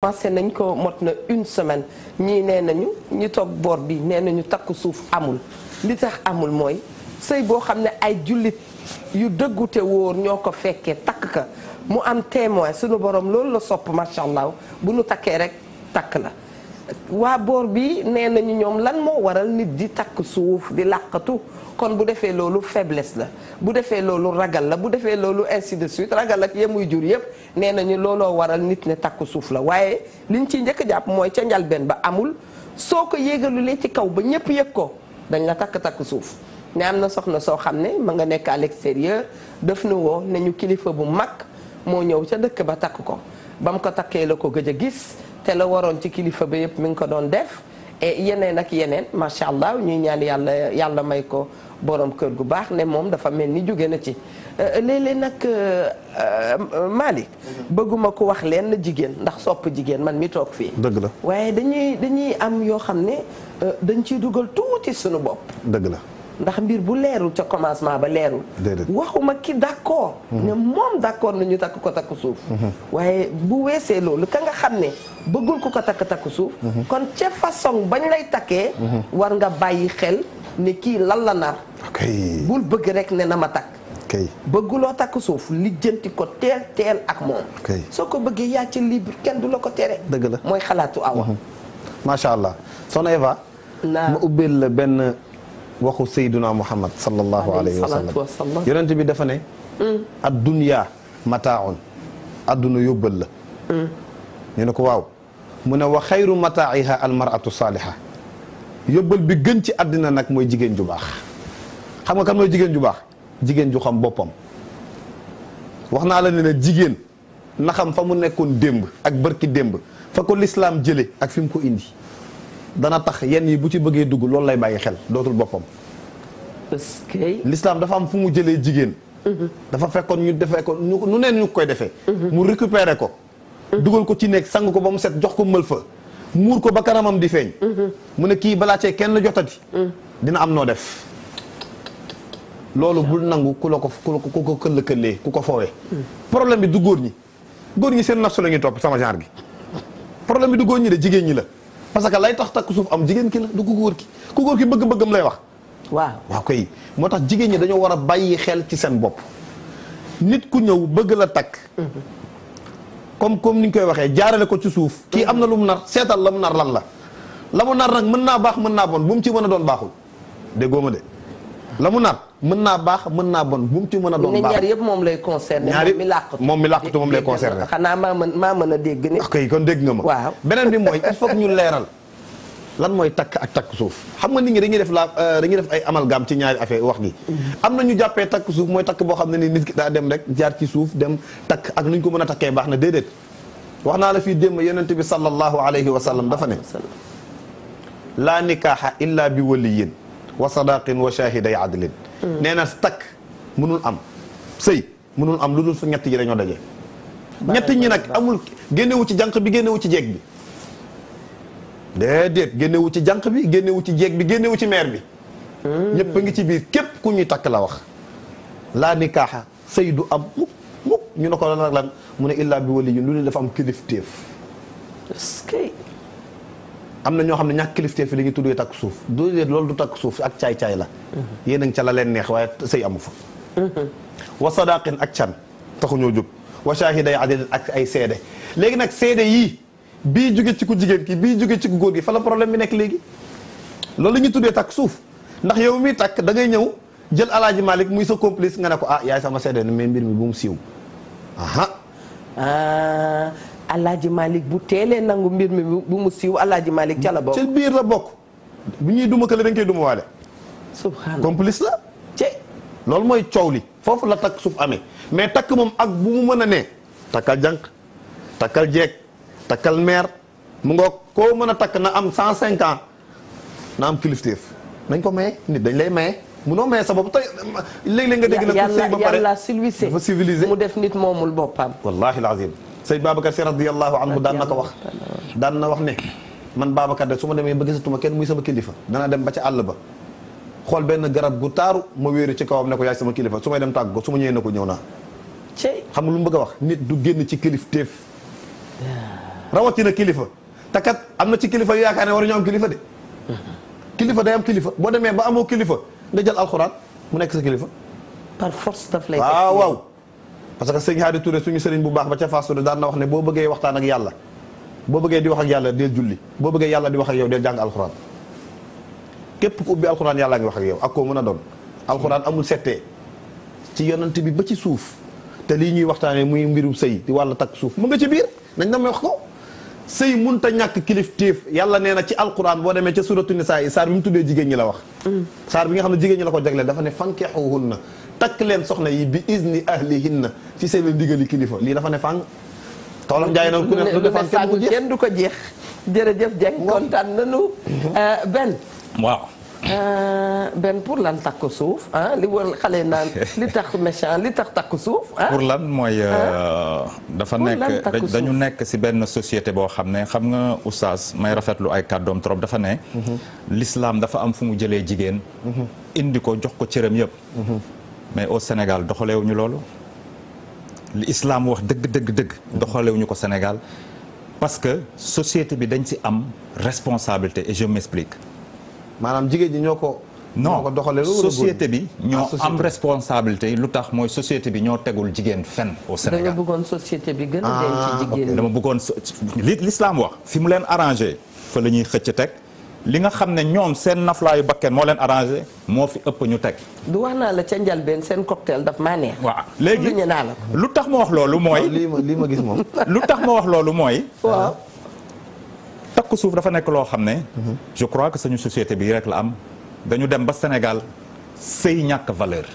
commencé nañ ko mot na une semaine ñi nee nañu ñu toog boor bi nee nañu takk suuf amul li tax amul mooy sëy boo xam ne ay jullit yu dëggute wóor ñoo ko fekkee takk ka mu am témoin suñu borom loolu la sopp macha allah bu nu takkee rek takk la waa boor bi nee nañu ñoom lan moo waral nit di takk suuf di làqatu kon bu defee loolu faiblesse la bu defee loolu ragal la bu defee loolu ainsi de suite ragal ak yemuy jur yëpp nee nañu looloo waral nit ne takku suuf la waaye liñ ciy njëkk jàpp mooy ca njalbeen ba amul soo ko yéegalulee ci kaw ba ñëpp yëg ko dañ la takk takk suuf ne am na soxna soo xam ne ma nga nekk à l'extérieur daf nu woo ne ñu kilifa bu mag moo ñëw ca dëkk ba takk ko ba mu ko takkee la ko gëj a gis te la waroon ci kilifa bi yëpp mu ngi ko doon def yeneen ak yeneen macha allah ñuy ñaan yàlla yàlla may ko borom kër gu baax ne moom dafa mel ni jóge na ci euh, léeg-léeg nag euh, euh, Malick mhm. bëgguma ko wax lenn jigéen ndax sopp jigéen man mi toog fii dëgg la waaye dañuy dañuy am yoo xam ne dañ ciy dugal tuuti suñu bopp dëgg la ndax mbir bu leerul ca commencement ba leerul waxuma ki d'accord mhm. ne moom d'accord na ñu takk ko takk suuf mhm. waaye bu weesee loolu ka nga xam ne bëggul ko ko takk takk suuf kon ca façon bañ lay takkee war nga bàyyi xel ne kii lan la nar. bul bëgg rek ne na ma takk. bëgguloo takk suuf lijjanti ko teel teel ak moom. soo ko bëggee yaa ci libre kenn du la ko tere. dëgg la mooy xalaatu awa. Mhm. macha allah soxna Eva. naa ma ubbeel la benn waxu Seydina Muhammad sallallahu alayhi wa sallam yonent bi dafa ne. Mm. ad-dunya mataaun adduna yóbbal la. Mm. ñu ne ko waaw mu ne wa xayru mataa'iha al-mar'atu saaliha yóbbal bi gën ci àddina nag mooy jigéen ju baax xam nga kan mooy jigéen ju baax jigéen ju xam boppam wax naa la ne la jigéen na xam fa mu nekkoon démb ak bërki démb fa ko lislaam jële ak fi mu ko indi dana tax yenn yi bu ci bëggee dugg loolu lay bàyyi xel dootul boppam lislaam dafa am fu mu jëlee jigéen mhm. dafa fekkoon ñu defee ko ñu nu neen ñu koy defee mhm. mu récupéré ko mhm. dugal ko ci nekk sang ko ba mu set jox ko mël fa muur ko ba kanamam di feeñ. Mhm. mu ne kii balaa cee kenn jotati. Mhm. dina am noo def. loolu bul nangu ku la ko ku ko këll këllee ku ko foowee. Mhm. problème bi du góor ñi góor ñi seen nafsu la ñuy topp sama genre gi. problème bi du góor ñi de jigéen ñi la parce que lay tax takk suuf am jigéen ki la du ku góor ki ku góor ki bëgg-bëggam lay wax. waaw waaw koy moo tax jigéen ñi dañoo war a bàyyi xel ci seen bopp. nit ku ñëw bëgg la takk. comme comme ni ñu koy waxee jaarale ko ci suuf kii am na lu mu nar seetal la mu nar lan la la mu nar nag mën naa baax mën naa bon bu mu ci mën a doon baaxul déggoo ma de la mu nar mën naa baax mën naa bon bu mu ci mën a doon baax ñaar yëpp moom lay concerné ñaar mi làqatu moom xanaa maa mën maa mën a dégg ni ok kon dégg nga ma waaw beneen bi mooy il faut ñu leeral lan mooy takk ak takk suuf xam nga nit ñi dañuy def la euh, dañuy def ay amalgame ci ñaari affaire wax ni am na ñu jàppee takk suuf mooy takk boo xam ne ni nit gi daa dem rek jaar ci suuf dem takk ak nu ñu ko mën a takkee baax na déedéet. wax naa la fii démb yonent bi sallallahu alayhi wa sallam dafa ne. laa nikaaxa illa bi waliyin wa sadaqin wa shahiday adlin. Hmm. nee na takk mënul am sëy mënul am lu dul fa ñett yi dañoo daje. ñett ñi nag amul génnewu ci janq bi génnewu ci jeeg bi. déedéet génnewu ci jànq bi génnewu ci jeeg bi génnewu ci meer bi. Hmm. ñëpp a ngi ci biir képp ku ñuy takk la wax. laa nikaaxa sëy du am mukk mukk ñu ne ko lan mu ne illaa bi wali yu lu ne dafa am kilifteef. est am na ñoo xam ne ñàkk kilifteef yi lañuy tuddee takk suuf du dee loolu du takk suuf ak caay-caay la. Hmm. yéen a ngi ca la leen neex waaye sëy amu fa. Hmm. wa sadaqin ak can taxuñoo jóg. wa shaahiday adil ak ay seede léegi nag seede yii. bii jóge ci ko jigéen ki bii jóge ci ku góor gi fa la problème bi nekk léegi loolu la ñuy tuddee takk suuf ndax yow mii takk da ngay ñëw jël alaaji Malick muy sa complice nga ne ko ah yaay sama seede na mais mbir mi bu mu siiw aha ah, alaaji Malick bu teelee nangu mbir mi bu mu siiw alaaji Malick ca la bokk. ca bu ñuy duma kële dañ koy duma waale subhanallah complice la ci loolu mooy coow li foofu la takk suuf amee mais takk moom ak bu mu mën a ne takkal jànq takkal jeeg takkal maire mu ngoog ko mën a takk na am 105 ans na am kilifteef nañ ko maye nit dañ lay maye munoo maye sa bopp tey léeg nga dégg na ko ba pare yàlla civilisé dafa mu def nit moomul boppam. wallaahi alazim Sëñ Babacar Si radiyallahu anhu daan na ko wax daan na wax ne man Babacar de su ma demee ba gisatuma kenn muy sama kilifa danaa dem ba ci àll ba xool benn garab gu taaru ma wéeru ci kawam ne ko yaay sama kilifa su may dem tàgg ko su ma ñëwee ne ko ñëw naa. xam nga lu mu bëgg a wax nit du génn ci kilifteef. rawatina kilifa te am na ci kilifa yu yaakaar ne waruñu am kilifa de. kilifa day am kilifa boo demee ba amoo kilifa nga jël alxuraan mu nekk sa kilifa. par force daf lay. waaw ah, waaw parce que sëñ Hadi Touré suñu sëriñ bu baax ba ca Fass Touré daan na wax ne boo bëggee waxtaan ak yàlla boo bëggee di wax ak yàlla del julli boo bëggee yàlla di wax ak yow deel jàng alxuraan képp ko ubbi alxuraan yàlla ngi wax ak yow ak koo mën a doon. alxuraan amul settee ci yonent bi ci suuf te lii ñuy waxtaanee muy mbirum sëy di wàllu suuf mu nga ci biir nañ na sëy ta ñàkk tiif yàlla nee na ci alquran boo demee ca suratu nisaa yi saar bi mu tuddee jigéen ñi la wax saar bi nga xam ne jigéen ñi la ko jagleel dafa ne fankeexuhunna takk leen soxna yi bi izni ahlihinna ci seen ndigali kilifa lii dafa ne fàng toolam jaay na ku ne lu defaan kenn du ko jeex jërëjëf Dieng kontaan nanu euh, benn waaw Euh, benn pour lan takku suuf ah li wër xale naan li tax méchant li tax takku suuf. Ah. pour lan mooy. Ah. Euh, dafa nekk dañu nekk si benn société boo xam ne xam nga oustaz may rafetlu ay kàddoom trop dafa ne. Mhm. lislaam dafa am fu mu jëlee jigéen. Mhm. indi ko jox ko cëram yëpp. Mhm. mais au Sénégal doxalewuñu loolu. li islam wax dëgg dëgg dëgg. doxalewuñu ko Sénégal parce que société bi dañ si am responsabilité et je m'explique. maanaam jigéen ñi ñoo ko. ñoo ko doxalee non société bi. ñoo am responsabilité lu tax mooy société bi ñoo tegul jigéen fenn. au Sénégal da nga bëggoon société bi gën a ah, denc jigéen dama bëggoon li l'islam wax fi mu leen arrangé fa la ñuy xëcc teg. li nga xam ne ñoom seen naflaayu bakken moo leen arrangé moo fi ëpp ñu teg. du wax naa la ca njëlbeen seen cocktail daf maa neex. waaw léegi lu tax ma wax loolu mooy. lii ma lii ma gis moom. lu tax ma wax loolu mooy. takku suuf dafa nekk loo xam ne je crois que suñu société bi rek la am dañu dem ba Sénégal sëy ñàkk valeur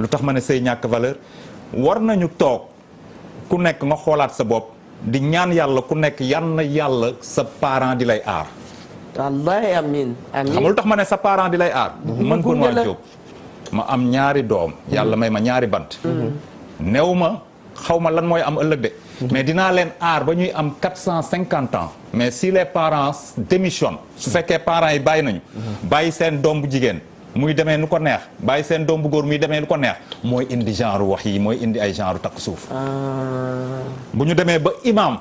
lu tax ma ne sëy ñàkk valeur war nañu toog ku nekk nga xoolaat sa bopp di ñaan yàlla ku nekk yan na yàlla sa parent di lay aar wallahi amin xam lu tax ma ne sa parent di lay aar man koo waa ma am ñaari doom yàlla may ma ñaari bant mm-hmm. new ma xaw ma lan mooy am ëllëg de Mhm. mais dinaa leen aar ba ñuy am quatre cent cinquante ans mais si les parents démissionnent su mhm. fekkee parent yi bàyyi nañu mhm. bàyyi seen doom bu jigéen muy demee nu ko neex bàyyi seen doom bu góor muy demee nu ko neex mooy indi genre wax yi mooy indi ay genre takk suuf ah. bu ñu demee ba imam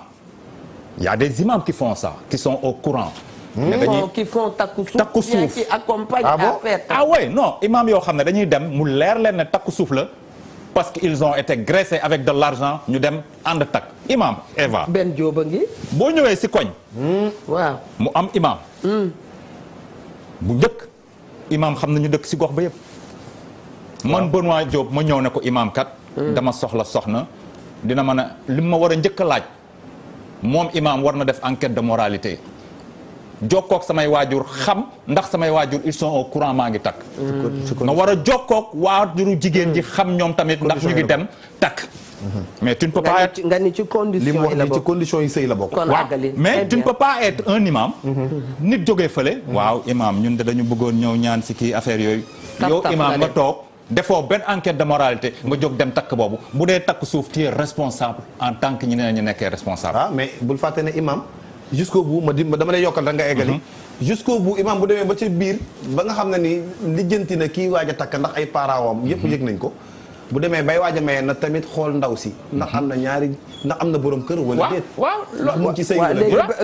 y des imams qui font ça qui sont au courant hmm. mais dañuy qui font takku suuf takku suuf qui accompagnent ah bon ah imam yoo xam ne dañuy dem mu leer leen ne takku suuf la parce que ils on été graissés avec de l'argent ñu dem ànd takk imam Eva. benn jooba ngi. boo ñëwee si koñ. Hmm, waaw mu am imam. Hmm. bu njëkk imam xam nañu dëkk si gox ba yëpp. man Benoît Diop ma ñëw ne ko imam kat. Hmm. dama soxla soxna. dina mën a li ma war a njëkk a laaj. moom imam war na def enquête de moralité. jokkook samay waajur xam ndax samay waajur ils sont au courant maa ngi takk na war a jokkook waajuru jigéen ji xam ñoom tamit ndax ñu ngi dem takk mais tu ne peux nga ni ci condition yi la bokk ci condition yi sëy la bokk waaw mais tu ne peux pas être un imam nit jógee fële waaw imam ñun de dañu bëggoon ñëw ñaan si kii affaire yooyu yow imam nga toog defoo benn enquête de moralité nga jóg dem takk boobu bu dee takk suuf tu es responsable en tant que ñu ne ñu nekkee responsable ah mais bul ne imam jusqu'au bout ma di dama lay yokkal rek nga eggali. Mhm. jusqu'au bout imam bu demee ba ci biir ba nga xam ne ni lijjanti na kii waaja a takk ndax ay parawam yëpp mhm. yëg nañ ko. bu demee bay waaja a na tamit xool ndaw si. ndax mhm. am na ñaari ndax am na boroom kër. wala déet waaw loolu mu ci sëy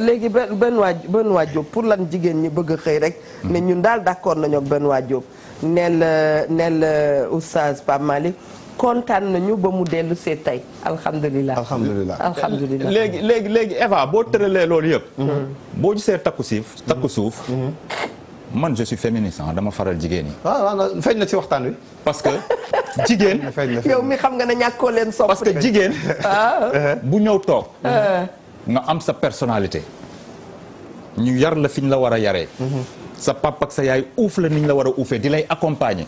léegi benn benn waaj benn waajoob pour lan jigéen ñi bëgg xëy rek. ne ñun daal d'accord nañu ak benn waajoob neel euh, neel euh, oustaz Pape Malick kontaan ñu ba mu dellu see tey alhamdulilah. alhamdulilah alhamdulilah. léegi léegi léegi Eva boo tëralee loolu yëpp. Mm-hmm. boo gisee takku siif mm-hmm. takku suuf. Mm-hmm. man je suis féministe ah, dama faral jigéen ñi. Ah, waaw waaw feeñ na ci waxtaan wi. parce que jigéen. yow mi xam nga ne ñàkkoo leen sopp. parce que jigéen. Ah. Uh-huh. bu ñëw toog. Uh-huh. nga am sa personnalité. ñu yar la fi ñu la war a yaree. sa papa ak sa yaay uuf la ni ñu la war a uufee di lay accompagner.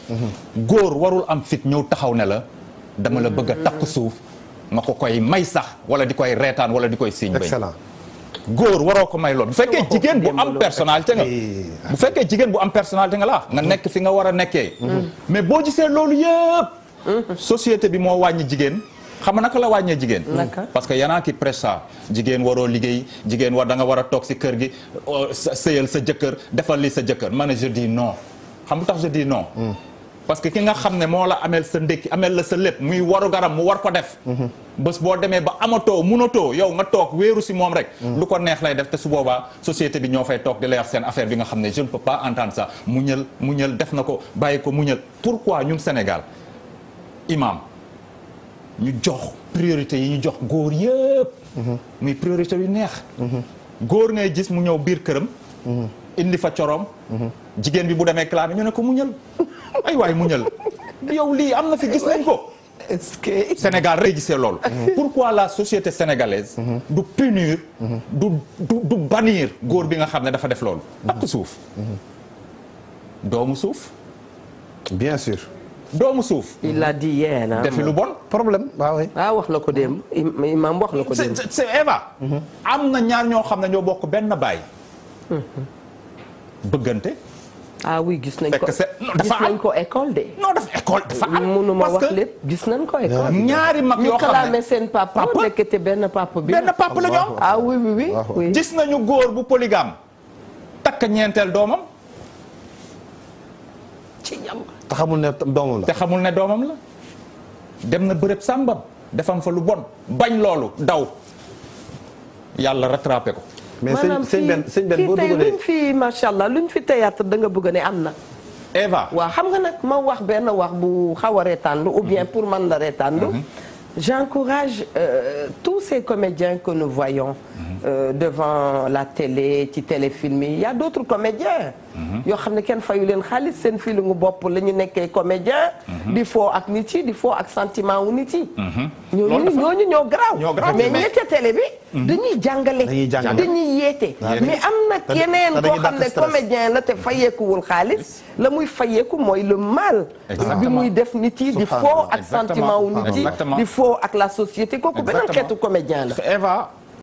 góor warul am fit ñëw taxaw ne la. dama la bëgg a takk suuf nga ko koy may sax wala di koy reetaan wala di koy siiñ bañ góor waroo ko may lool bu fekkee jigéen bu am personnalité nga bu fekkee jigéen bu am personnalité nga la nga mm-hmm. nekk fi nga war a nekkee mm-hmm. mais boo gisee loolu yëpp mm-hmm. société bi moo wàññi jigéen xam naka la wàññee jigéen parce que yanaa ki prêche ça jigéen waroo liggéey jigéen war da nga war a toog si kër gi euh, sëyal sa jëkkër defal li sa jëkkër ma ne je dis non xam nga tax je dis non mm. parce que ki nga xam ne moo la ameel sa ndékki ameel la sa lépp muy waru garam mu war ko def mhm. bés boo demee ba amatoo munatoo yow nga toog wéeru si moom rek mhm. lu ko neex lay def te su boobaa société bi ñoo fay toog di la yar seen affaire bi nga xam ne je ne peux sax entendre ñël mu ñël def na ko bàyyi ko mu muñal pourquoi ñun Sénégal imam ñu jox priorité yi ñu jox góor yëpp mhm. muy priorité yu neex góor ngay gis mu ñëw biir këram indi fa coroom jigéen bi bu demee classe ñu ne ko muñal ay waay muñal yow lii am na fi gis nañ ko. est Sénégal rek gisee loolu. Mhm. Mhm. pourquoi la société sénégalaise. Mhm. du punir. du du góor bi nga xam ne dafa def loolu. takk suuf. doomu suuf. bien sûr. doomu suuf. il a defi lu bon problème waaw oui. ah wax la ko démb imam wax la ko démb. c'est Eva. am na ñaar ñoo xam ne ñoo bokk benn baay. bëggante. ah oui gis nañ ko gis nañ ko école de. non dafa école dafa am mënuma wax lépp gis nañ ko école. ñaari mag yoo xam ne seen papa. papa benn papa bi. benn papa la ñu ah oui oui oui. gis nañu góor bu polygame. takk ñeenteel doomam. ci ñam. te xamul ne doomam la. xamul ne doomam dem na bërëb sàmbam. defam fa lu bon. bañ loolu daw. yàlla rattrapé ko. mais sëñ sëñ benn sëñ benn boo dugalee luñ fi macha allah luñ fi théâtre da nga bëgg ne am na. Eva waaw xam nga nag ma wax benn wax bu xaw a reetaanlu ou bien mhm. pour man la reetaanlu. Mhm. j'encourage euh, tous ces comédiens que nous voyons. Mhm. Euh, devant la télé ci téléfilm yi y a d'autres comédiens. yoo xam ne kenn fayu leen xaalis seen filmu bopp la ñu nekkee comédien. di foo ak nit di foo ak sentiment wu nit yi. ñooñu ñooñu mais ñi ca télé bi. Mhm. dañuy jàngale dañuy yeete mais am na yeneen boo xam ne comédien la te fayeekuwul xaalis la muy fayeeku mooy le mal bi muy def nit yi di faux ak sentiment wu nit yi di faux ak la société kooku beneen xeetu comédien la Eva